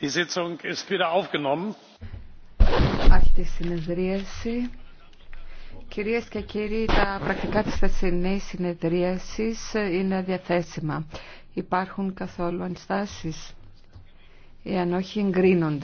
Die Sitzung ist wieder aufgenommen. Κυρίες και κύριοι, τα πρακτικά της θεσινής συνεδρίασης είναι διαθέσιμα. Υπάρχουν καθόλου ενστάσεις. Εάν όχι, εγκρίνονται.